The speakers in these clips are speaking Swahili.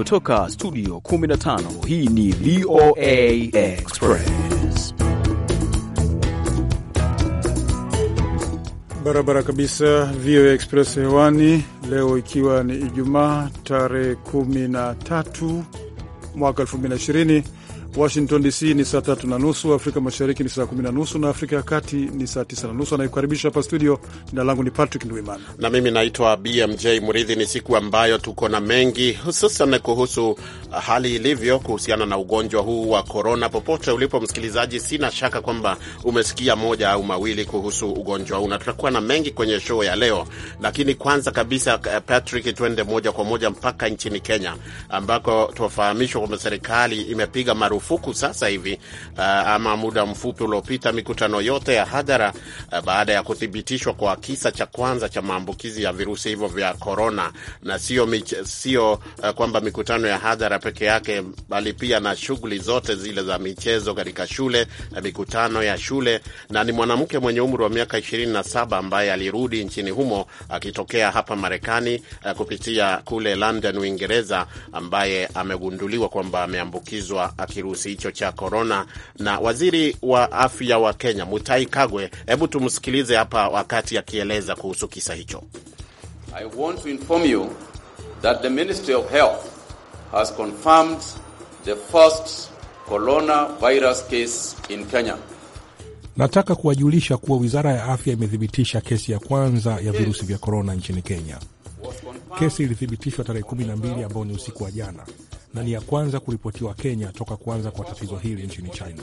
kutoka studio 15 hii ni VOA Express barabara kabisa VOA Express hewani leo ikiwa ni Ijumaa tarehe 13 mwaka 2020 Washington DC ni saa tatu na nusu, Afrika Mashariki ni saa kumi na nusu na Afrika ya Kati ni saa tisa na nusu. Anayekukaribisha hapa studio, jina langu ni Patrick Ndwimana na mimi naitwa BMJ Mridhi. Ni siku ambayo tuko na mengi, hususan kuhusu hali ilivyo kuhusiana na ugonjwa huu wa korona. Popote ulipo msikilizaji, sina shaka kwamba umesikia moja au mawili kuhusu ugonjwa huu, na tutakuwa na mengi kwenye show ya leo. Lakini kwanza kabisa, eh, Patrick, tuende moja kwa moja mpaka nchini Kenya ambako tunafahamishwa kwamba serikali imepiga marufuku marufuku sasa hivi uh, ama muda mfupi uliopita mikutano yote ya hadhara uh, baada ya kuthibitishwa kwa kisa cha kwanza cha maambukizi ya virusi hivyo vya korona, na sio sio uh, kwamba mikutano ya hadhara peke yake, bali pia na shughuli zote zile za michezo katika shule na uh, mikutano ya shule. Na ni mwanamke mwenye umri wa miaka 27 ambaye alirudi nchini humo akitokea uh, hapa Marekani uh, kupitia kule London, Uingereza, ambaye amegunduliwa kwamba ameambukizwa akirudi kirusi hicho cha korona na waziri wa afya wa Kenya mutai Kagwe. Hebu tumsikilize hapa wakati akieleza kuhusu kisa hicho. I want to inform you that the Ministry of Health has confirmed the first coronavirus case in Kenya. Nataka kuwajulisha kuwa wizara ya afya imethibitisha kesi ya kwanza ya virusi vya korona nchini Kenya. Kesi ilithibitishwa tarehe 12 ambao ni usiku wa jana na ni ya kwanza kuripotiwa Kenya toka kuanza kwa tatizo hili nchini China.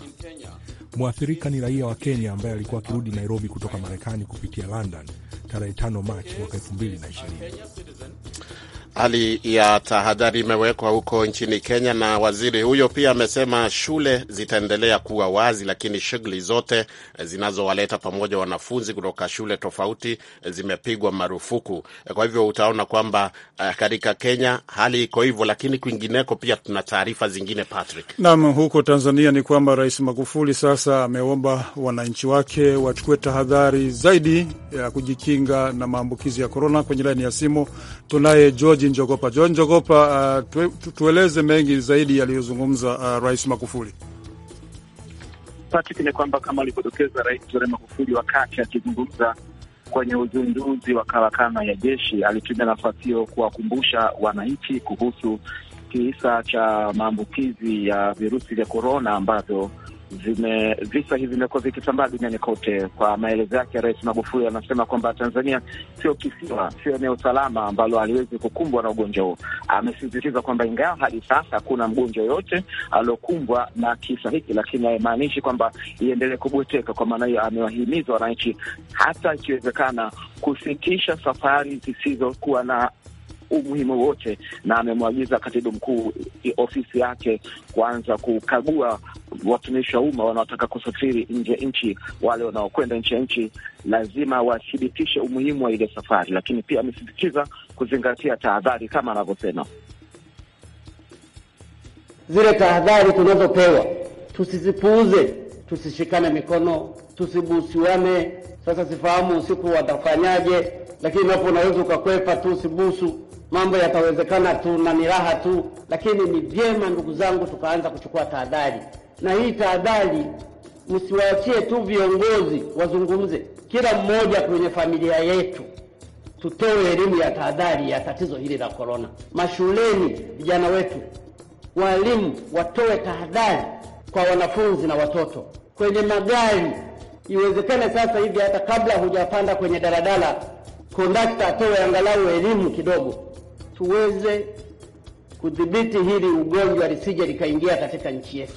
Mwathirika ni raia wa Kenya ambaye alikuwa akirudi Nairobi kutoka Marekani kupitia London tarehe 5 Machi mwaka 2020. Hali ya tahadhari imewekwa huko nchini Kenya, na waziri huyo pia amesema shule zitaendelea kuwa wazi, lakini shughuli zote zinazowaleta pamoja wanafunzi kutoka shule tofauti zimepigwa marufuku. Kwa hivyo utaona kwamba eh, katika Kenya hali iko hivyo, lakini kwingineko pia tuna taarifa zingine Patrick. Naam, huko Tanzania ni kwamba Rais Magufuli sasa ameomba wananchi wake wachukue tahadhari zaidi ya kujikinga na maambukizi ya korona. Kwenye laini ya simu tunaye George George Njogopa. George Njogopa, uh, tu, tueleze mengi zaidi yaliyozungumza uh, Rais Magufuli. Patrick, ni kwamba kama alivyodokeza Rais Jore Magufuli wakati akizungumza kwenye uzinduzi wa karakana ya jeshi, alitumia nafasi hiyo kuwakumbusha wananchi kuhusu kisa cha maambukizi ya virusi vya korona ambavyo zime visa hivi vimekuwa vikitambaa duniani kote. Kwa maelezo yake, Rais Magufuli anasema kwamba Tanzania sio kisiwa, sio eneo salama ambalo haliwezi kukumbwa na ugonjwa huo. Amesisitiza kwamba ingawa hadi sasa hakuna mgonjwa yoyote aliokumbwa na kisa hiki, lakini haimaanishi kwamba iendelee kubweteka. Kwa maana hiyo, amewahimiza wananchi hata ikiwezekana kusitisha safari zisizokuwa na umuhimu wote, na amemwagiza katibu mkuu ofisi yake kuanza kukagua watumishi wa umma wanaotaka kusafiri nje ya nchi. Wale wanaokwenda nje ya nchi lazima wathibitishe umuhimu wa ile safari, lakini pia amesisitiza kuzingatia tahadhari kama anavyosema zile tahadhari tunazopewa tusizipuuze, tusishikane mikono, tusibusiwane. Sasa sifahamu usiku watafanyaje, lakini napo unaweza ukakwepa tu usibusu mambo yatawezekana tu na ni raha tu, lakini ni vyema ndugu zangu tukaanza kuchukua tahadhari, na hii tahadhari msiwaachie tu viongozi wazungumze, kila mmoja kwenye familia yetu tutoe elimu ya tahadhari ya tatizo hili la korona. Mashuleni vijana wetu, walimu watoe tahadhari kwa wanafunzi na watoto. Kwenye magari iwezekane sasa hivi, hata kabla hujapanda kwenye daladala, kondakta atoe angalau elimu kidogo tuweze kudhibiti hili ugonjwa lisije likaingia katika nchi yetu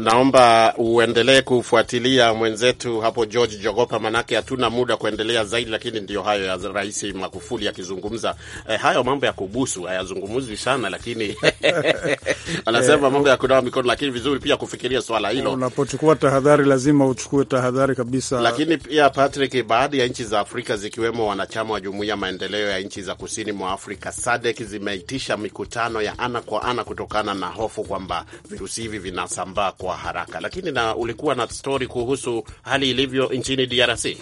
naomba uendelee kufuatilia mwenzetu hapo George Jogopa, manake hatuna muda kuendelea zaidi, lakini ndio hayo ya Rais Magufuli akizungumza eh, hayo mambo ya kubusu hayazungumzwi sana, lakini anasema eh, mambo ya kunawa mikono, lakini vizuri pia kufikiria swala hilo. Unapochukua tahadhari, lazima uchukue tahadhari kabisa. Lakini pia Patrick, baadhi ya nchi za Afrika zikiwemo wanachama wa Jumuiya Maendeleo ya Nchi za Kusini mwa Afrika SADC zimeitisha mikutano ya ana kwa ana kutokana na hofu kwamba virusi hivi vinasambaa kwa kwa haraka, lakini na ulikuwa na stori kuhusu hali ilivyo nchini DRC.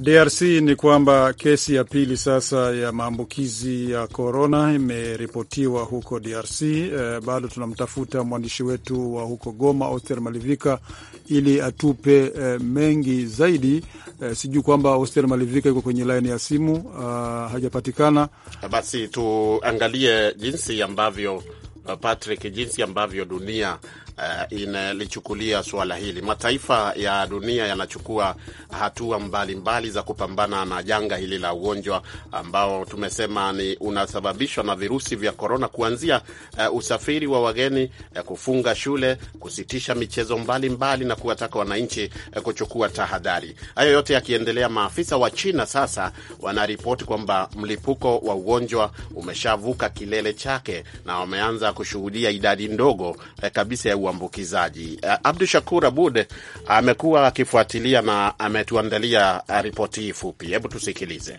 DRC ni kwamba kesi ya pili sasa ya maambukizi ya korona imeripotiwa huko DRC. E, eh, bado tunamtafuta mwandishi wetu wa huko Goma, Oster Malivika, ili atupe e, mengi zaidi. E, sijui kwamba Oster Malivika yuko kwenye laini ya simu, ah, hajapatikana. Basi tuangalie jinsi ambavyo Uh, Patrick, jinsi ambavyo dunia uh, inalichukulia suala hili. Mataifa ya dunia yanachukua hatua mbalimbali mbali za kupambana na janga hili la ugonjwa ambao tumesema ni unasababishwa na virusi vya korona, kuanzia uh, usafiri wa wageni uh, kufunga shule, kusitisha michezo mbalimbali mbali, na kuwataka wananchi uh, kuchukua tahadhari. Hayo yote yakiendelea, maafisa wa China sasa wanaripoti kwamba mlipuko wa ugonjwa umeshavuka kilele chake na wameanza kushuhudia idadi ndogo eh, kabisa ya uambukizaji. Eh, Abdu Shakur Abud eh, amekuwa akifuatilia na ametuandalia eh, ripoti hii fupi. Hebu tusikilize.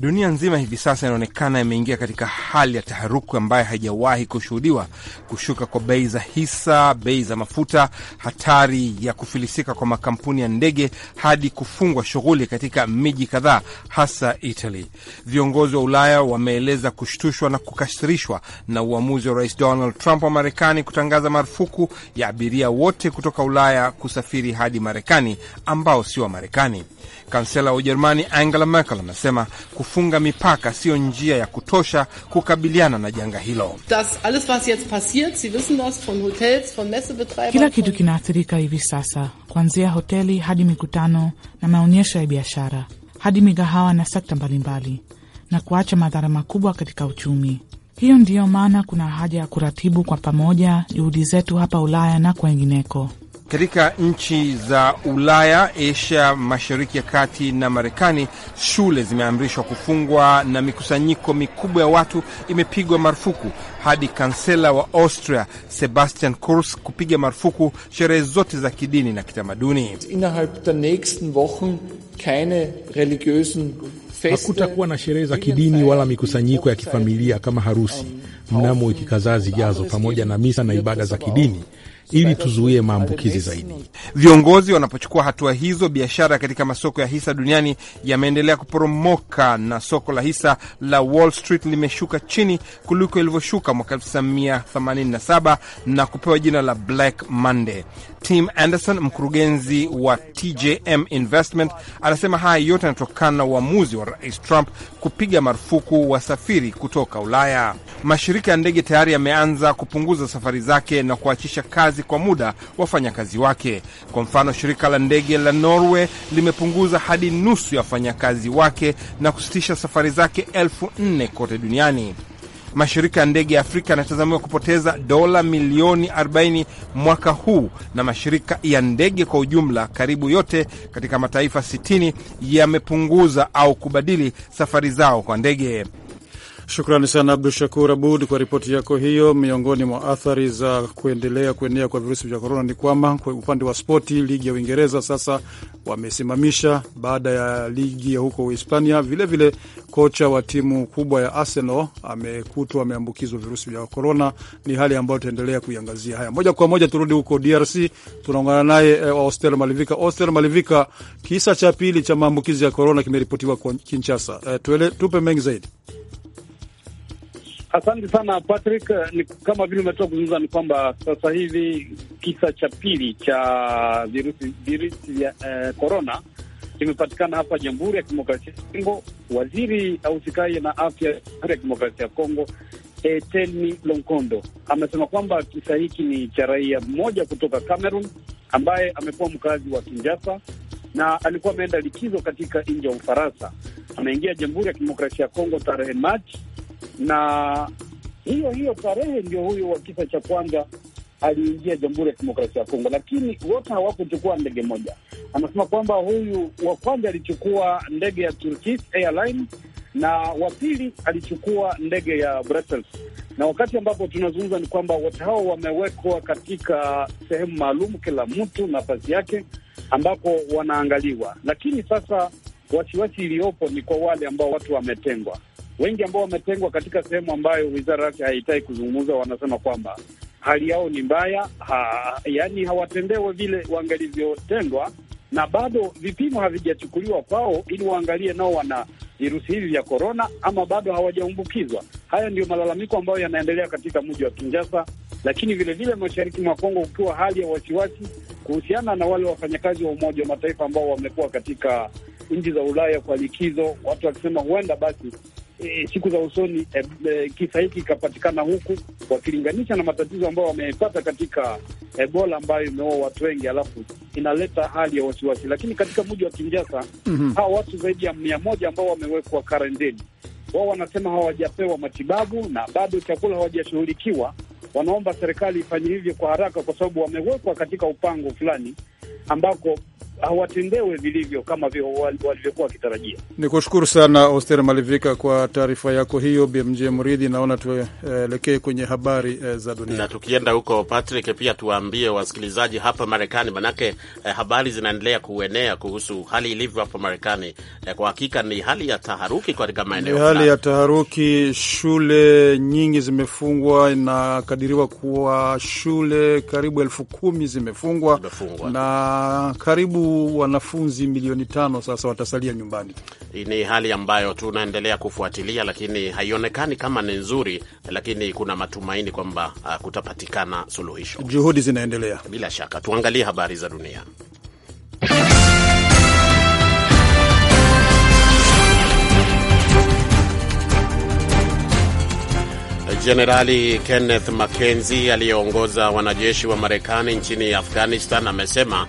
Dunia nzima hivi sasa inaonekana imeingia katika hali ya taharuku ambayo haijawahi kushuhudiwa: kushuka kwa bei za hisa, bei za mafuta, hatari ya kufilisika kwa makampuni ya ndege, hadi kufungwa shughuli katika miji kadhaa, hasa Italy. Viongozi wa Ulaya wameeleza kushtushwa na kukasirishwa na uamuzi wa Rais Donald Trump wa Marekani kutangaza marufuku ya abiria wote kutoka Ulaya kusafiri hadi Marekani ambao sio wa Marekani. Kansela wa Ujerumani Angela Merkel amesema kufunga mipaka siyo njia ya kutosha kukabiliana na janga hilo. Kila kitu kinaathirika hivi sasa, kuanzia hoteli hadi mikutano na maonyesho ya biashara hadi migahawa na sekta mbalimbali, na kuacha madhara makubwa katika uchumi. Hiyo ndiyo maana kuna haja ya kuratibu kwa pamoja juhudi zetu hapa Ulaya na kwengineko. Katika nchi za Ulaya, Asia Mashariki ya Kati na Marekani, shule zimeamrishwa kufungwa na mikusanyiko mikubwa ya watu imepigwa marufuku, hadi kansela wa Austria Sebastian Kurz kupiga marufuku sherehe zote za kidini na kitamaduni. innerhalb der nächsten wochen keine Hakutakuwa na sherehe za kidini wala mikusanyiko ya kifamilia kama harusi mnamo wiki kadhaa zijazo, pamoja na misa na ibada za kidini ili tuzuie maambukizi zaidi. Viongozi wanapochukua hatua hizo, biashara katika masoko ya hisa duniani yameendelea kuporomoka na soko la hisa la Wall Street limeshuka chini kuliko ilivyoshuka mwaka 1987 na kupewa jina la Black Monday. Tim Anderson, mkurugenzi wa TJM Investment, anasema haya yote yanatokana na uamuzi wa Rais Trump kupiga marufuku wasafiri kutoka Ulaya. Mashirika ya ndege tayari yameanza kupunguza safari zake na kuachisha kazi kazi kwa muda wafanyakazi wake. Kwa mfano, shirika la ndege la Norway limepunguza hadi nusu ya wafanyakazi wake na kusitisha safari zake elfu nne kote duniani. Mashirika ya ndege ya Afrika yanatazamiwa kupoteza dola milioni 40 mwaka huu, na mashirika ya ndege kwa ujumla karibu yote katika mataifa 60 yamepunguza au kubadili safari zao kwa ndege. Shukrani sana Abdu Shakur Abud kwa ripoti yako hiyo. Miongoni mwa athari za kuendelea kuenea kwa virusi vya korona ni kwamba kwa upande wa spoti, ligi ya Uingereza sasa wamesimamisha baada ya ligi ya huko Uhispania. Vilevile kocha wa timu kubwa ya Arsenal amekutwa ameambukizwa virusi vya korona. Ni hali ambayo tutaendelea kuiangazia. Haya, moja kwa moja turudi huko DRC, tunaungana naye eh, Malivika. Oster Malivika, kisa cha pili cha maambukizi ya korona kimeripotiwa Kinshasa. Eh, tupe mengi zaidi. Asante sana Patrick. Eh, ni kama vile umetoka kuzungumza, ni kwamba sasa hivi kisa cha pili cha virusi virusi vya korona eh, kimepatikana hapa Jamhuri ya Kidemokrasia ya Kongo. Waziri ahusikaye na afya Jamhuri ya Kidemokrasia ya Kongo, Eteni Lonkondo, amesema kwamba kisa hiki ni cha raia mmoja kutoka Cameroon ambaye amekuwa mkazi wa Kinjasa na alikuwa ameenda likizo katika nchi ya Ufaransa. Ameingia Jamhuri ya Kidemokrasia ya Kongo tarehe Machi na hiyo hiyo tarehe ndio huyu wa kisa cha kwanza aliingia Jamhuri ya Kidemokrasia ya Kongo, lakini wote hawakuchukua ndege moja. Anasema kwamba huyu wa kwanza alichukua ndege ya Turkish Airline na wa pili alichukua ndege ya Brussels. Na wakati ambapo tunazungumza ni kwamba wote hao wamewekwa katika sehemu maalum, kila mtu nafasi yake, ambapo wanaangaliwa. Lakini sasa wasiwasi iliyopo ni kwa wale ambao watu wametengwa wengi ambao wametengwa katika sehemu ambayo wizara yake haitaki kuzungumza, wanasema kwamba hali yao ni mbaya ha, yani hawatendewe vile wangalivyotendwa, na bado vipimo havijachukuliwa kwao ili waangalie nao wana virusi hivi vya korona ama bado hawajaambukizwa. Haya ndio malalamiko ambayo yanaendelea katika mji wa Kinshasa, lakini vilevile mashariki mwa Kongo ukiwa hali ya wasiwasi kuhusiana na wale wafanyakazi wa Umoja wa Mataifa ambao wamekuwa katika nchi za Ulaya kwa likizo, watu wakisema huenda basi e, siku za usoni e, e, kisa hiki kikapatikana huku, wakilinganisha na matatizo ambayo wamepata katika Ebola ambayo imeua watu wengi, alafu inaleta hali ya wasiwasi. Lakini katika mji wa kinjasa mm -hmm. hawa watu zaidi ya mia moja ambao wamewekwa karendeni wao wanasema hawajapewa matibabu na bado chakula hawajashughulikiwa. Wanaomba serikali ifanye hivyo kwa haraka, kwa sababu wamewekwa katika upango fulani ambako hawatendewe vilivyo kama walivyokuwa wakitarajia. Ni kushukuru sana Oster Malivika kwa taarifa yako hiyo. BMJ Mridhi, naona tuelekee kwenye habari eh, za dunia. Na tukienda huko, Patrick, pia tuwaambie wasikilizaji hapa Marekani, manake eh, habari zinaendelea kuenea kuhusu hali ilivyo hapa Marekani. Eh, kwa hakika ni hali ya taharuki katika maeneo, hali ya taharuki. Shule nyingi zimefungwa, inakadiriwa kuwa shule karibu elfu kumi zimefungwa na karibu wanafunzi milioni tano sasa watasalia nyumbani. Ni hali ambayo tunaendelea kufuatilia, lakini haionekani kama ni nzuri, lakini kuna matumaini kwamba uh, kutapatikana suluhisho. Juhudi zinaendelea bila shaka. Tuangalie habari za dunia. Jenerali Kenneth Mackenzie aliyeongoza wanajeshi wa Marekani nchini Afghanistan amesema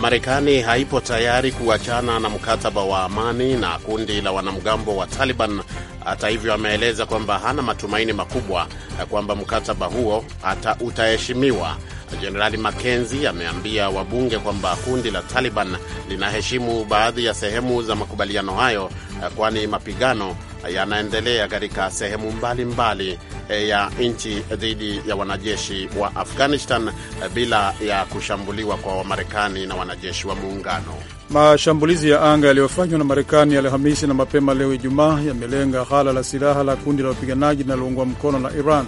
Marekani haipo tayari kuachana na mkataba wa amani na kundi la wanamgambo wa Taliban. Hata hivyo, ameeleza kwamba hana matumaini makubwa kwamba mkataba huo hata utaheshimiwa. Jenerali Mackenzie ameambia wabunge kwamba kundi la Taliban linaheshimu baadhi ya sehemu za makubaliano hayo, eh, kwani mapigano yanaendelea katika sehemu mbalimbali mbali e, ya nchi dhidi ya wanajeshi wa Afghanistan e, bila ya kushambuliwa kwa Wamarekani na wanajeshi wa muungano. Mashambulizi ya anga yaliyofanywa na Marekani Alhamisi na mapema leo Ijumaa yamelenga ghala la silaha la kundi la wapiganaji linaloungwa mkono na Iran.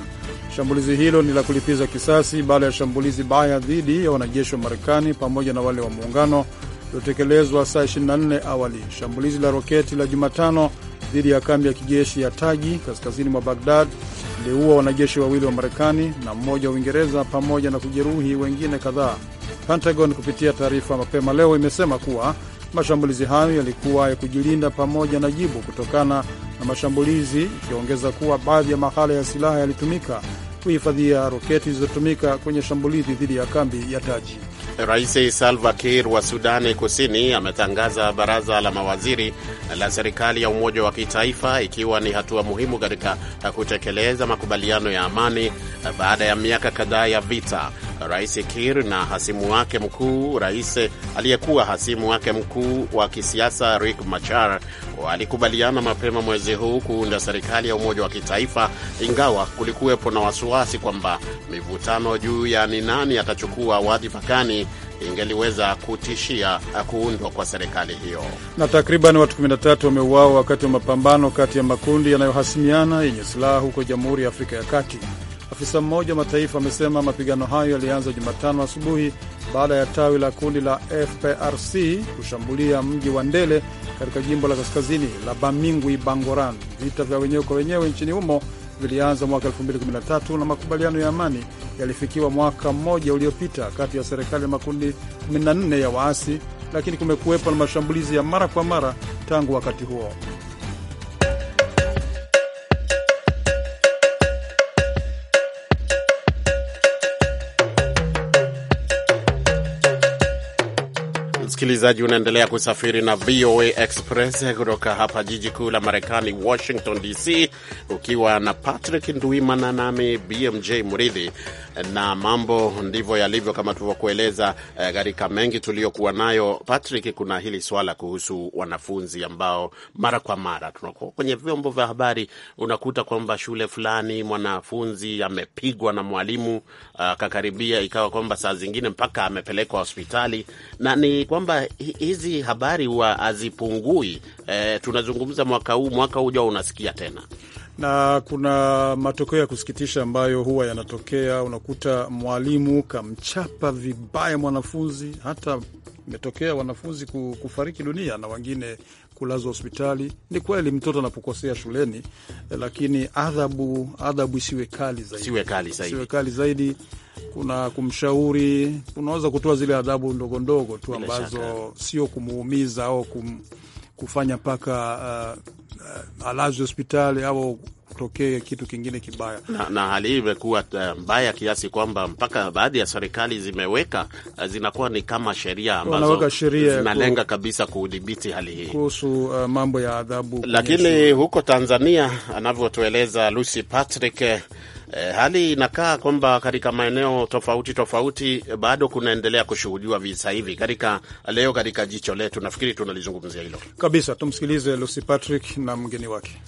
Shambulizi hilo ni la kulipiza kisasi baada ya shambulizi baya dhidi ya wanajeshi wa Marekani pamoja na wale wa muungano lililotekelezwa saa 24 awali. Shambulizi la roketi la Jumatano dhidi ya kambi ya kijeshi ya Taji kaskazini mwa Bagdad iliua wanajeshi wawili wa Marekani na mmoja wa Uingereza pamoja na kujeruhi wengine kadhaa. Pentagon kupitia taarifa mapema leo imesema kuwa mashambulizi hayo yalikuwa ya kujilinda pamoja na jibu kutokana na mashambulizi, ikiongeza kuwa baadhi ya mahala ya silaha yalitumika kuhifadhia roketi zilizotumika kwenye shambulizi dhidi ya kambi ya Taji. Rais Salva Kiir wa Sudani Kusini ametangaza baraza la mawaziri la serikali ya umoja wa kitaifa ikiwa ni hatua muhimu katika kutekeleza makubaliano ya amani baada ya miaka kadhaa ya vita. Rais kir na hasimu wake mkuu, rais aliyekuwa hasimu wake mkuu wa kisiasa rik Machar walikubaliana mapema mwezi huu kuunda serikali ya umoja wa kitaifa, ingawa kulikuwepo na wasiwasi kwamba mivutano juu ya ni nani atachukua wadhifakani ingeliweza kutishia kuundwa kwa serikali hiyo. Na takriban watu 13 wameuawa wakati wa mapambano kati ya makundi yanayohasimiana yenye silaha huko Jamhuri ya Afrika ya Kati. Afisa mmoja wa mataifa amesema mapigano hayo yalianza Jumatano asubuhi baada ya tawi la kundi la FPRC kushambulia mji wa Ndele katika jimbo la kaskazini la Bamingwi Bangoran. Vita vya wenyewe kwa wenyewe nchini humo vilianza mwaka 2013 na makubaliano ya amani yalifikiwa mwaka mmoja uliopita kati ya serikali na makundi 14 ya waasi, lakini kumekuwepo na mashambulizi ya mara kwa mara tangu wakati huo. Msikilizaji, unaendelea kusafiri na VOA Express kutoka hapa jiji kuu la Marekani, Washington DC, ukiwa na Patrick Ndwimana nami BMJ Muridhi na mambo ndivyo yalivyo kama tulivyokueleza eh, katika eh, mengi tuliyokuwa nayo Patrick. Kuna hili swala kuhusu wanafunzi ambao mara kwa mara tunakuwa kwenye vyombo vya habari, unakuta kwamba shule fulani mwanafunzi amepigwa na mwalimu eh, akakaribia, uh, ikawa kwamba saa zingine mpaka amepelekwa hospitali, na ni kwamba hizi habari huwa hazipungui. Eh, tunazungumza mwaka huu, mwaka ujao unasikia tena na kuna matokeo ya kusikitisha ambayo huwa yanatokea. Unakuta mwalimu kamchapa vibaya mwanafunzi, hata imetokea wanafunzi kufariki dunia na wengine kulazwa hospitali. Ni kweli mtoto anapokosea shuleni, lakini adhabu adhabu isiwe kali zaidi, siwe kali zaidi, siwe kali zaidi. Kuna kumshauri, unaweza kutoa zile adhabu ndogo ndogo tu ambazo sio kumuumiza au kum kufanya mpaka uh, uh alazi hospitali au kutokee kitu kingine kibaya na, na hali hii imekuwa uh, mbaya kiasi kwamba mpaka baadhi ya serikali zimeweka uh, zinakuwa ni kama sheria ambazo zinalenga kabisa kudhibiti hali hii kuhusu uh, mambo ya adhabu. Lakini huko Tanzania, anavyotueleza Lucy Patrick E, hali inakaa kwamba katika maeneo tofauti tofauti eh, bado kunaendelea kushuhudiwa visa hivi. Katika eh, leo katika jicho letu, nafikiri tunalizungumzia hilo kabisa. Tumsikilize Lucy Patrick na mgeni wake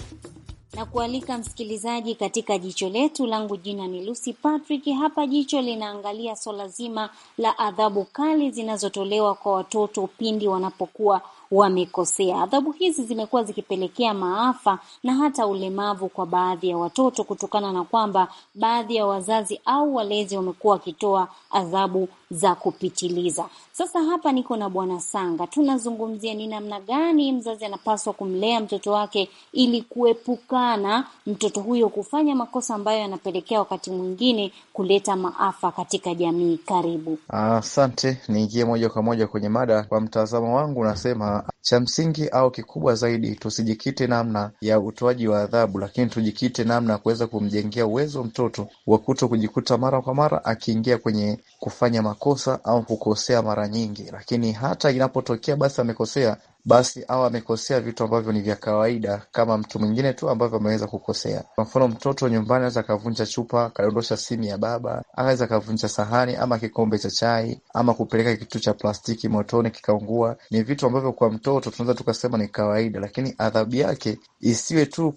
na kualika msikilizaji katika jicho letu. Langu jina ni Lucy Patrick. Hapa jicho linaangalia swala zima la adhabu kali zinazotolewa kwa watoto pindi wanapokuwa wamekosea. Adhabu hizi zimekuwa zikipelekea maafa na hata ulemavu kwa baadhi ya watoto kutokana na kwamba baadhi ya wazazi au walezi wamekuwa wakitoa adhabu za kupitiliza. Sasa hapa niko na Bwana Sanga, tunazungumzia ni namna gani mzazi anapaswa kumlea mtoto wake ili kuepukana mtoto huyo kufanya makosa ambayo yanapelekea wakati mwingine kuleta maafa katika jamii. Karibu. Asante, niingie moja kwa moja kwenye mada. Kwa mtazamo wangu, nasema cha msingi au kikubwa zaidi tusijikite namna ya utoaji wa adhabu lakini tujikite namna ya kuweza kumjengea uwezo mtoto wa kuto kujikuta mara kwa mara akiingia kwenye kufanya makosa au kukosea mara nyingi, lakini hata inapotokea basi amekosea, basi au amekosea vitu ambavyo ni vya kawaida kama mtu mwingine tu ambavyo ameweza kukosea. Kwa mfano, mtoto nyumbani anaweza akavunja chupa, akadondosha simu ya baba, anaweza akavunja sahani ama kikombe cha chai, ama kupeleka kitu cha plastiki motoni kikaungua. Ni vitu ambavyo kwa mtoto tunaweza tukasema ni kawaida, lakini adhabu yake isiwe tu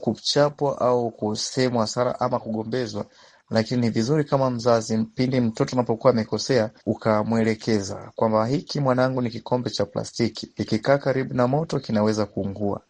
kuchapwa au kusemwa sana ama kugombezwa lakini ni vizuri kama mzazi, pindi mtoto anapokuwa amekosea, ukamwelekeza kwamba hiki, mwanangu, ni kikombe cha plastiki, ikikaa karibu na moto kinaweza kuungua,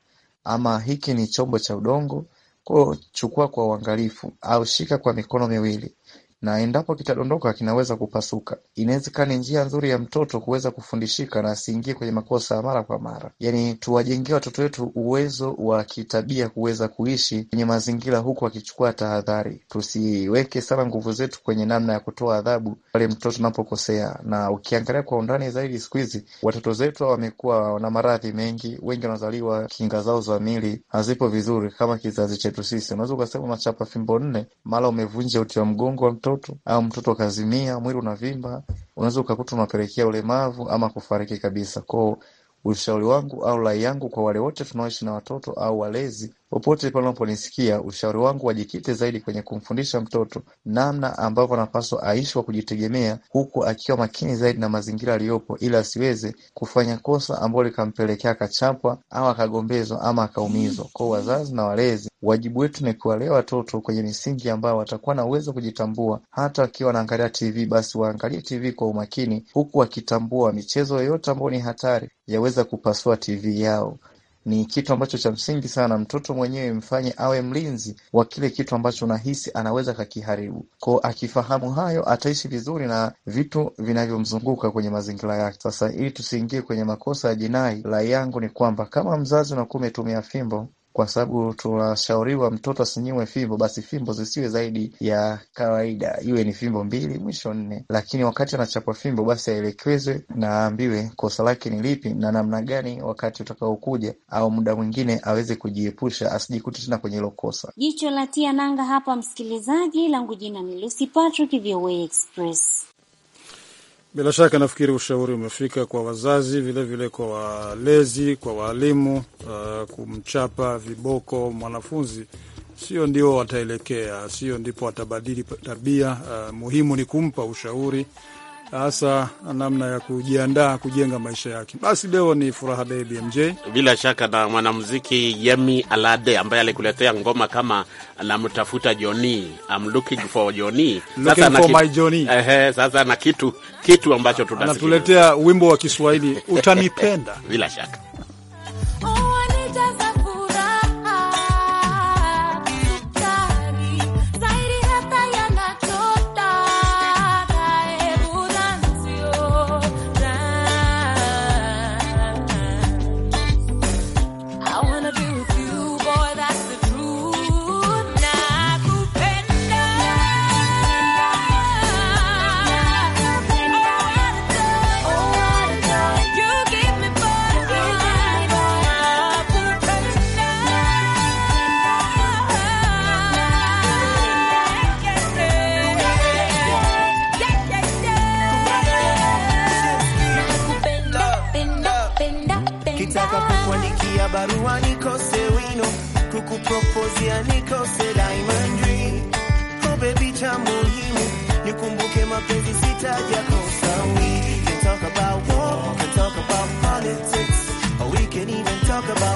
ama hiki ni chombo cha udongo, ko chukua kwa uangalifu, au shika kwa mikono miwili na endapo kitadondoka kinaweza kupasuka. Inawezekana njia nzuri ya mtoto kuweza kufundishika na asiingie kwenye makosa mara kwa mara, yani tuwajengee watoto wetu uwezo wa kitabia kuweza kuishi kwenye mazingira huku akichukua tahadhari. Tusiweke sana nguvu zetu kwenye namna ya kutoa adhabu pale mtoto unapokosea. Na ukiangalia kwa undani zaidi, siku hizi watoto zetu wamekuwa na maradhi mengi, wengi wanazaliwa kinga zao za mili hazipo vizuri kama kizazi chetu sisi. Unaweza ukasema machapa fimbo nne, mara umevunja uti wa mgongo wa mtoto mtoto au mtoto akazimia, mwili unavimba, unaweza ukakuta unapelekea ulemavu ama kufariki kabisa. Kwao ushauri wangu au rai yangu kwa wale wote tunaoishi na watoto au walezi Popote unaponisikia, ushauri wangu wajikite zaidi kwenye kumfundisha mtoto namna ambavyo anapaswa aishi kwa kujitegemea, huku akiwa makini zaidi na mazingira aliyopo, ili asiweze kufanya kosa ambalo likampelekea akachapwa au akagombezwa ama akaumizwa. Kwa wazazi na walezi, wajibu wetu ni kuwalea watoto kwenye misingi ambayo watakuwa na uwezo kujitambua. Hata wakiwa wanaangalia TV, basi waangalie TV kwa umakini, huku wakitambua michezo yoyote ambayo ni hatari yaweza kupasua TV yao ni kitu ambacho cha msingi sana. Mtoto mwenyewe mfanye awe mlinzi wa kile kitu ambacho unahisi anaweza kakiharibu. Ko akifahamu hayo, ataishi vizuri na vitu vinavyomzunguka kwenye mazingira yake. Sasa ili tusiingie kwenye makosa ya jinai, rai yangu ni kwamba kama mzazi unakuwa umetumia fimbo kwa sababu tunashauriwa mtoto asinyimwe fimbo, basi fimbo zisiwe zaidi ya kawaida, iwe ni fimbo mbili mwisho nne. Lakini wakati anachapwa fimbo, basi aelekezwe na aambiwe kosa lake ni lipi na namna gani wakati utakaokuja au muda mwingine aweze kujiepusha, asijikute tena kwenye hilo kosa. Jicho la tia nanga hapa, msikilizaji langu, jina ni Lucy Patrick, VOA Express. Bila shaka nafikiri ushauri umefika kwa wazazi, vilevile vile kwa walezi, kwa waalimu. Uh, kumchapa viboko mwanafunzi sio ndio wataelekea, sio ndipo watabadili tabia. Uh, muhimu ni kumpa ushauri hasa namna ya kujiandaa kujenga maisha yake. Basi leo ni furaha dei BMJ, bila shaka na mwanamuziki Yemi Alade ambaye alikuletea ngoma kama namtafuta Joni, I'm looking for Joni. Sasa, for my Joni. Ehe, sasa na kitu kitu ambacho tutasikia, anatuletea wimbo wa Kiswahili utanipenda bila shaka talk about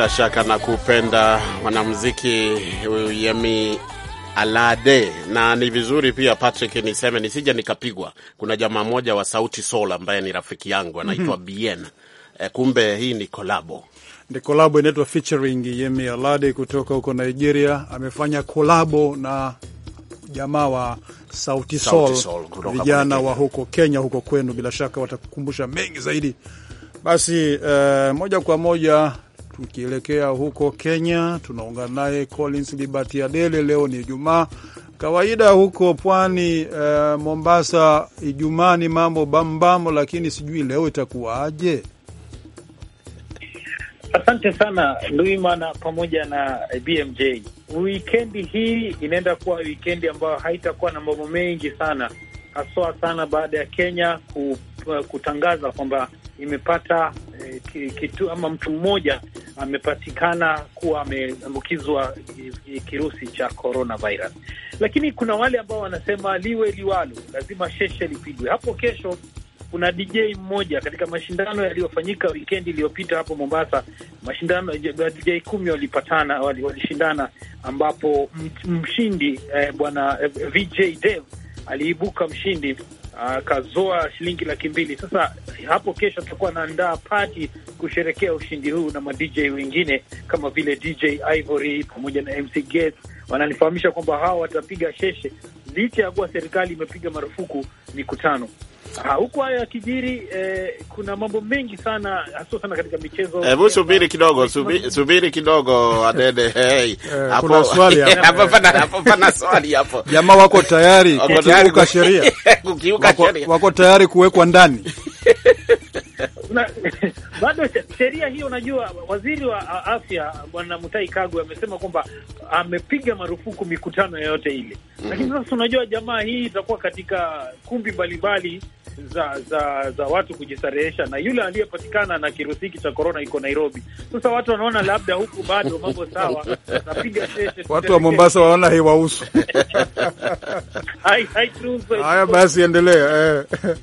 Bila shaka na kupenda mwanamuziki Yemi Alade, na ni vizuri pia Patrick niseme nisije nikapigwa. Kuna jamaa moja wa Sauti Sol ambaye ni rafiki yangu anaitwa mm -hmm. Bien e, kumbe hii ni kolabo ni kolabo inaitwa featuring Yemi Alade kutoka huko Nigeria, amefanya kolabo na jamaa wa Sauti Sol, vijana wa huko Kenya, huko kwenu, bila shaka watakukumbusha mengi zaidi. Basi eh, moja kwa moja Tukielekea huko Kenya, tunaungana naye Collins Liberty Adele. Leo ni Ijumaa, kawaida huko pwani eh, Mombasa, Ijumaa ni mambo bambamo, lakini sijui leo itakuwaje? Asante sana Luimana pamoja na BMJ. Wikendi hii inaenda kuwa wikendi ambayo haitakuwa na mambo mengi sana, haswa sana baada ya Kenya kutangaza kwamba imepata eh, kitu ama mtu mmoja amepatikana kuwa ameambukizwa eh, kirusi cha coronavirus, lakini kuna wale ambao wanasema liwe liwalo, lazima sheshe lipigwe. Hapo kesho kuna DJ mmoja katika mashindano yaliyofanyika wikendi iliyopita hapo Mombasa, mashindano DJ kumi walipatana, walishindana, ambapo mshindi eh, bwana eh, VJ Dev aliibuka mshindi akazoa shilingi laki mbili. Sasa hapo kesho tutakuwa naandaa pati kusherekea ushindi huu na madj wengine kama vile DJ Ivory pamoja na MC Gates wananifahamisha kwamba hawa watapiga sheshe licha ya kuwa serikali imepiga marufuku mikutano. Ah, huku hayo yakijiri eh, kuna mambo mengi sana hasa sana katika michezo. Eh, hebu subiri kidogo, subiri kidogo Adede, hey eh, hapo hapo pana swali hapo. Jamaa wako tayari kukiuka sheria, wako tayari kuwekwa ndani bado sheria hiyo. Unajua, waziri wa afya Bwana Mutai Kagwe amesema kwamba amepiga marufuku mikutano yoyote ile, mhm. lakini mm -hmm. Sasa unajua, jamaa hii itakuwa katika kumbi mbalimbali za za za watu kujistarehesha, na yule aliyepatikana na kirusi hiki cha korona iko Nairobi. Sasa watu wanaona labda huku bado mambo sawa, watapiga Watu wa Mombasa waona haiwahusu. Haya basi, endelea eh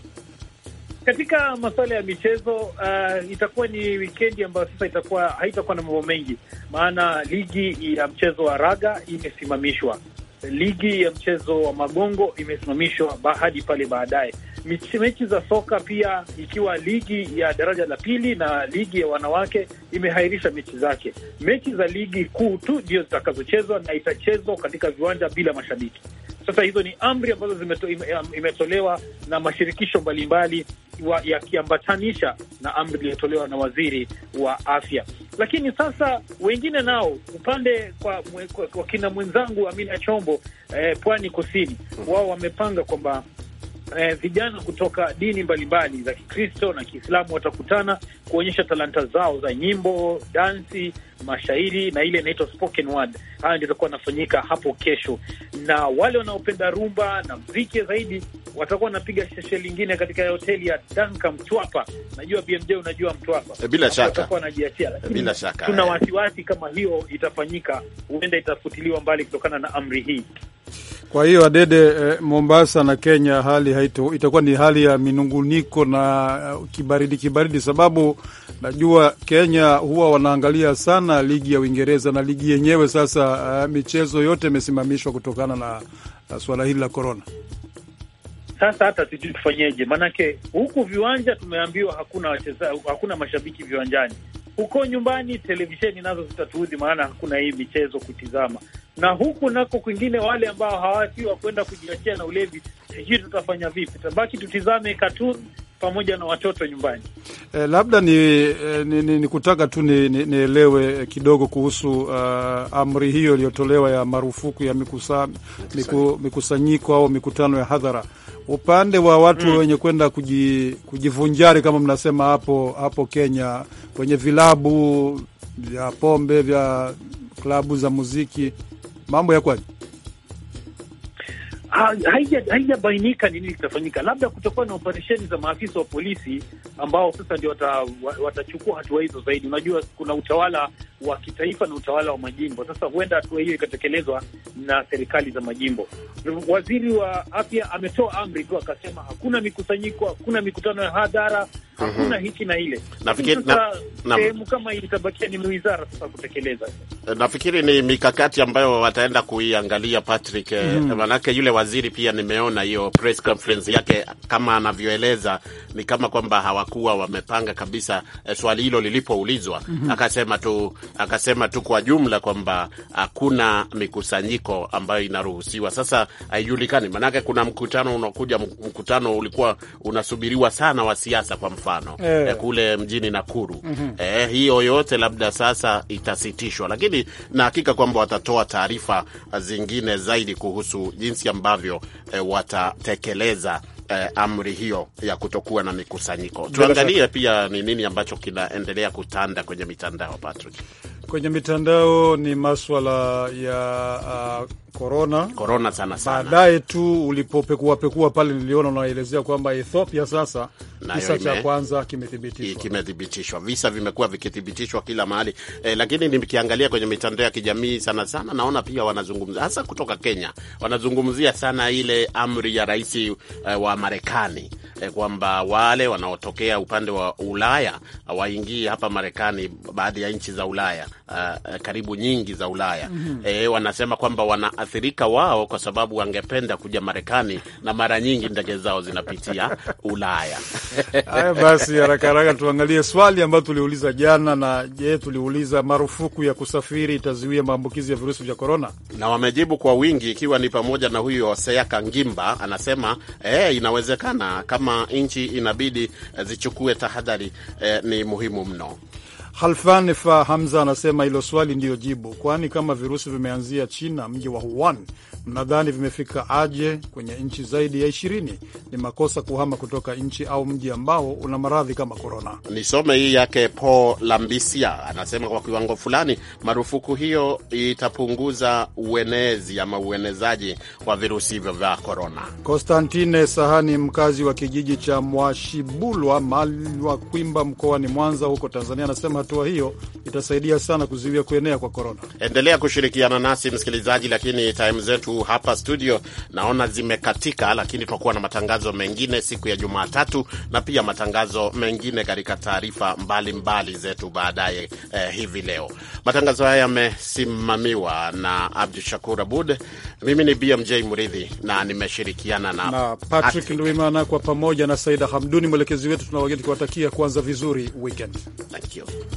katika masuala ya michezo uh, itakuwa ni wikendi ambayo sasa itakuwa haitakuwa na mambo mengi, maana ligi ya mchezo wa raga imesimamishwa, ligi ya mchezo wa magongo imesimamishwa hadi pale baadaye mechi za soka pia, ikiwa ligi ya daraja la pili na ligi ya wanawake imehairisha mechi zake. Mechi za ligi kuu tu ndio zitakazochezwa na itachezwa katika viwanja bila mashabiki. Sasa hizo ni amri ambazo zimeto, ime, imetolewa na mashirikisho mbalimbali yakiambatanisha na amri iliyotolewa na waziri wa afya. Lakini sasa wengine nao upande kwa, kwa, kwa kina mwenzangu Amina Chombo eh, Pwani Kusini, wao wamepanga kwamba eh, vijana kutoka dini mbalimbali za Kikristo na Kiislamu watakutana kuonyesha talanta zao za nyimbo, dansi, mashairi na ile inaitwa spoken word. Haya ndio itakuwa anafanyika hapo kesho, na wale wanaopenda rumba na mziki zaidi watakuwa wanapiga sheshe lingine katika hoteli ya Danka Mtwapa. Najua BMJ, unajua Mtwapa eh, bila shaka watakuwa wanajiachia, lakini tuna eh. wasiwasi kama hiyo itafanyika, huenda itafutiliwa mbali kutokana na amri hii. Kwa hiyo Adede, eh, Mombasa na Kenya hali haito, itakuwa ni hali ya minunguniko na uh, kibaridi kibaridi, sababu najua Kenya huwa wanaangalia sana ligi ya Uingereza na ligi yenyewe sasa, uh, michezo yote imesimamishwa kutokana na, na suala hili la korona. Sasa hata sijui tufanyeje, maanake huku viwanja tumeambiwa hakuna wacheza, hakuna mashabiki viwanjani. Huko nyumbani televisheni nazo zitatuudhi, maana hakuna hii michezo kutizama na huku nako kwingine, wale ambao hawatiwa kwenda kujiachia na ulevi, sijui eh, tutafanya vipi? Tabaki tutizame katuni pamoja na watoto nyumbani. Eh, labda ni, eh, ni, ni, ni kutaka tu nielewe ni, ni kidogo kuhusu uh, amri hiyo iliyotolewa ya marufuku ya mikusa, miku, mikusanyiko au mikutano ya hadhara upande wa watu mm, wenye kwenda kujivunjari kama mnasema hapo hapo Kenya kwenye vilabu vya pombe vya klabu za muziki mambo kwani Haijabainika ni nini kitafanyika, labda kutokuwa na operesheni za maafisa wa polisi ambao sasa ndio watachukua wata hatua hizo zaidi. Unajua kuna utawala wa kitaifa na utawala wa majimbo. Sasa huenda hatua hiyo ikatekelezwa na serikali za majimbo. Waziri wa afya ametoa amri tu akasema hakuna mikusanyiko, hakuna mikutano ya hadhara hakuna mhm. hiki na ile. Nafikiri sehemu kama hii itabakia ni wizara sasa kutekeleza. Eh, nafikiri ni mikakati ambayo wataenda kuiangalia Patrick, eh, mhm. manake yule waziri pia nimeona hiyo press conference yake, kama anavyoeleza ni kama kwamba hawakuwa wamepanga kabisa eh, swali hilo lilipoulizwa. Mhm. Akasema tu akasema tu kwa jumla kwamba hakuna mikusanyiko ambayo inaruhusiwa. Sasa haijulikani, manake kuna mkutano unakuja, mkutano ulikuwa unasubiriwa sana wa siasa kwa mfano mfano eh. eh, kule mjini Nakuru mm -hmm. Eh, hiyo yote labda sasa itasitishwa, lakini na hakika kwamba watatoa taarifa zingine zaidi kuhusu jinsi ambavyo eh, watatekeleza Eh, amri hiyo ya kutokuwa na mikusanyiko. Tuangalie pia ni nini ambacho kinaendelea kutanda kwenye mitandao Patrick kwenye mitandao ni maswala ya korona uh, korona sana sana. Baadaye tu ulipopekuapekua pale, niliona unaelezea kwamba Ethiopia sasa kisa cha kwanza kimethibitishwa, kimethibitishwa, visa vimekuwa vikithibitishwa kila mahali eh, lakini nikiangalia kwenye mitandao ya kijamii sana sana naona pia wanazungumza hasa kutoka Kenya wanazungumzia sana ile amri ya rais eh, wa Marekani eh, kwamba wale wanaotokea upande wa Ulaya hawaingii hapa Marekani. Baadhi ya nchi za Ulaya uh, karibu nyingi za Ulaya mm -hmm. eh, wanasema kwamba wanaathirika wao kwa sababu wangependa kuja Marekani na mara nyingi ndege zao zinapitia Ulaya. Haya basi, haraka haraka tuangalie swali ambayo tuliuliza jana. Na je, tuliuliza marufuku ya kusafiri itazuia maambukizi ya virusi vya korona, na wamejibu kwa wingi, ikiwa ni pamoja na huyo Seyaka Ngimba anasema eh, inawezekana kama kama nchi inabidi eh, zichukue tahadhari eh, ni muhimu mno. Halfan Fa Hamza anasema hilo swali ndiyo jibu, kwani kama virusi vimeanzia China, mji wa Wuhan, mnadhani vimefika aje kwenye nchi zaidi ya ishirini? Ni makosa kuhama kutoka nchi au mji ambao una maradhi kama korona. Nisome hii yake Paul Lambisia anasema kwa kiwango fulani marufuku hiyo itapunguza uenezi ama uenezaji wa virusi hivyo vya korona. Konstantine Sahani, mkazi wa kijiji cha Mwashibulwa, Malwa Kwimba, mkoani Mwanza huko Tanzania, anasema hatua hiyo itasaidia sana kuzuia kuenea kwa korona. Endelea kushirikiana nasi msikilizaji, lakini time zetu hapa studio naona zimekatika, lakini tutakuwa na matangazo mengine siku ya Jumatatu na pia matangazo mengine katika taarifa mbalimbali zetu baadaye eh, hivi leo. Matangazo haya yamesimamiwa na Abdu Shakur Abud, mimi ni BMJ Muridhi na nimeshirikiana na, na Patrick Ndwimana kwa pamoja na Saida Hamduni mwelekezi wetu. Tunawageni kuwatakia kuanza vizuri weekend. Thank you.